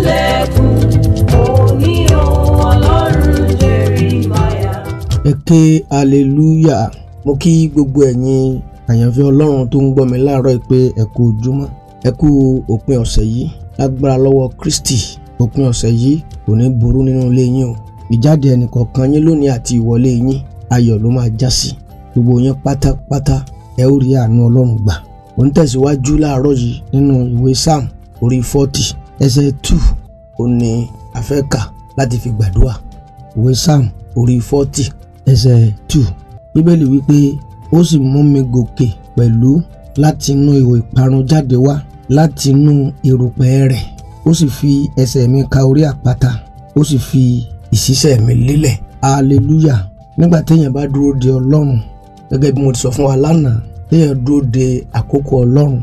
sílẹ̀kùn òní ohun ọlọ́run Jerimaya. ẹ ké aleluya mo kí gbogbo ẹ̀yin àyànfẹ́ ọlọ́run tó ń gbọ́ mi láàárọ̀ pé ẹ kú ojúmọ́ ẹ kú òpin ọ̀sẹ̀ yìí lágbára lọ́wọ́ Kristi òpin ọ̀sẹ̀ yìí kò ní burú nínú ilé yín o ìjáde ẹnìkọ̀ọ̀kan yín lónìí àti ìwọlé yín ayọ̀ ló máa já sí gbogbo yín pátápátá ẹ ó rí àánú ọlọ́run gbà mo ń tẹ̀síwájú láàárọ̀ yìí nínú ìwé Sáàmù orí fọ́tì ẹsẹ̀ two ó ní afẹ́kà láti fi gbàdúrà ìwé psalm orí forty ẹsẹ̀ two bíbélì wípé ó sì mú mi gòkè pẹ̀lú láti inú ihò ìparun jáde wá láti inú erùpẹ̀ rẹ̀ ó sì fi ẹsẹ̀ mi ka orí àpáta ó sì fi ìṣísẹ̀ mi lélẹ̀ hallelujah nígbà téèyàn bá dúró de ọlọ́run gẹ́gẹ́ bí mo ti sọ fún wa lánàá téèyàn dúró de àkókò ọlọ́run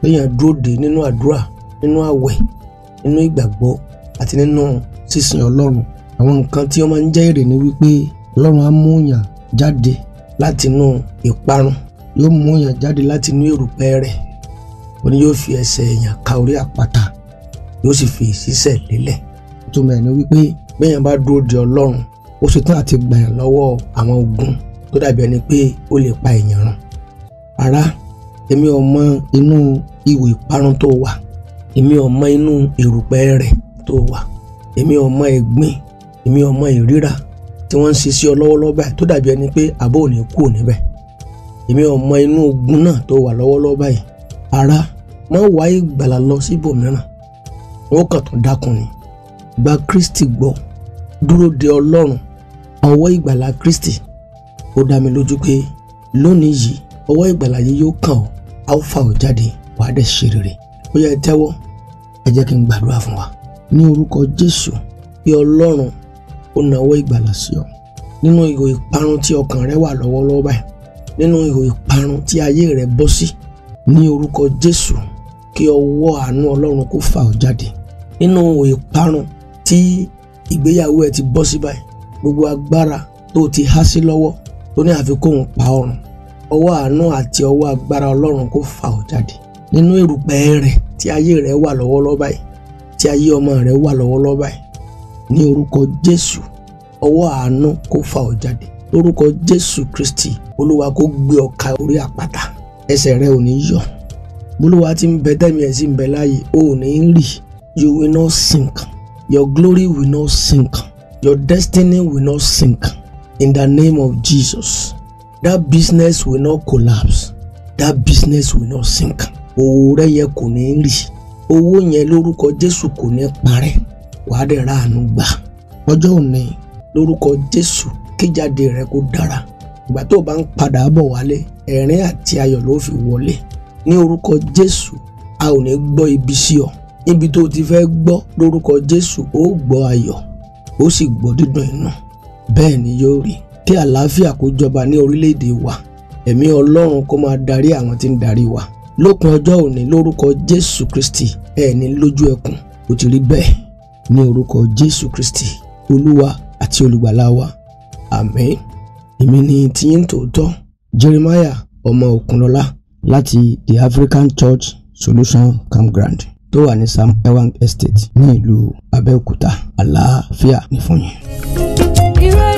téèyàn dúró de nínú àdúrà nínú àwẹ̀ nínú ìgbàgbọ́ àti nínú sísìn ọlọ́run àwọn nǹkan tí wọ́n máa ń jẹ́ èrè ni wípé ọlọ́run á mú yàn jáde láti inú ìparun yóò mú yàn jáde láti inú erùpẹ̀ rẹ̀ ó ní yóò fi ẹsẹ̀ èèyàn ka orí àpáta yóò sì fi ìṣísẹ̀ lélẹ̀ ìtumọ̀ ẹ̀ ni wípé bẹ́ẹ̀yàn bá dúró de ọlọ́run ó ṣetán àti gbà yàn lọ́wọ́ àwọn ogun tó dàbí ẹni pé ó lè pa èèyàn run ara èmi ò mọ inú ihò ìparun tó wà èmi ò mọ inú erùpẹ̀ rẹ̀ tó wà èmi ò mọ ẹ̀gbin èmi ò mọ ìríra tí wọ́n ń ṣe sí ọ lọ́wọ́lọ́wọ́ báyìí tó dàbí ẹni pé àbó ò ní kú níbẹ̀ èmi ò mọ inú ogun náà tó wà lọ́wọ́lọ́wọ́ báyìí ara má wá ìgbàlà lọ síbòmíràn wọn kàn tún dákun ni gba Kristi gbọ́ dúró de Ọlọ́run ọwọ́ ìgbàlà Kristi ó dá mi lójú pé lónìí yìí ọwọ́ ìgbàlà yìí yóò kàn ọ́ á fà ọ́ jáde wàá dẹ̀ ṣe rere ó yẹ tẹ́wọ́ ẹ jẹ́ kí n gbàdúrà fún wa ní orúkọ Jésù bí Ọlọ́run ó nawọ́ ìgbàlà sí ọ nínú ihò ìparun tí ọkàn rẹ wà lọ́wọ́lọ́wọ́ báyìí nínú ihò ìparun tí ayé rẹ bọ́ sí ní orúkọ Jésù kí ọwọ́ àánú Ọlọ́run kó fà ọ́ jáde nínú ihò ìparun tí ìgbéyàwó ẹ ti bọ́ sí báyìí gbogbo agbára tó ti há sí lọ́wọ́ tó ní àfikún pa ọrùn ọwọ́ àánú àti ọwọ́ agbára Ọlọ́run kó fà ọ́ jáde nínú èrùpẹ̀ rẹ̀ tí ayé rẹ̀ wà lọ́wọ́lọ́wọ́ báyìí tí ayé ọmọ rẹ̀ wà lọ́wọ́lọ́wọ́ báyìí ní orúkọ Jésù ọwọ́ àánú kó fa ọ́ jáde lórúkọ Jésù Kristi Olúwa kó gbé ọ orí àpáta ẹsẹ̀ rẹ ò ní yọ̀ bólúwa ti ń bẹ tẹ́mi ẹ̀ sì ń bẹ láàyè o ò ní rì you will not sink your glory will not sink your destiny will not sink in the name of Jesus that business will not collapse that business will not sink. oore yẹn kò ní rì owó yẹn lórúkọ Jésù kò ní parẹ́ wàá dẹ̀ ráàánú gbà ọjọ́ òní lórúkọ Jésù kíjáde rẹ kó dára ìgbà tó o bá ń padà bọ̀ wálé ẹ̀rín àti ayọ̀ ló fi wọlé ní orúkọ Jésù a ò ní gbọ́ ibi sí ọ níbi tó o ti fẹ́ gbọ́ lórúkọ Jésù ó gbọ́ ayọ̀ ó sì gbọ́ dídùn bẹ́ẹ̀ ni yóò rí kí àlàáfíà lópin ọjọ́ òní lórúkọ jésù kristi ẹni lójú ẹkùn ó ti rí bẹ́ẹ̀ ní orúkọ jésù kristi olúwa àti olùgbàlà wa àmín èmi ni tiyín tòótọ́ jeremiah ọmọ òkunlọ́lá láti the african church solution campground tó wà ní sam ewang estate ní ìlú abẹ́òkúta àlàáfíà ní fún yín.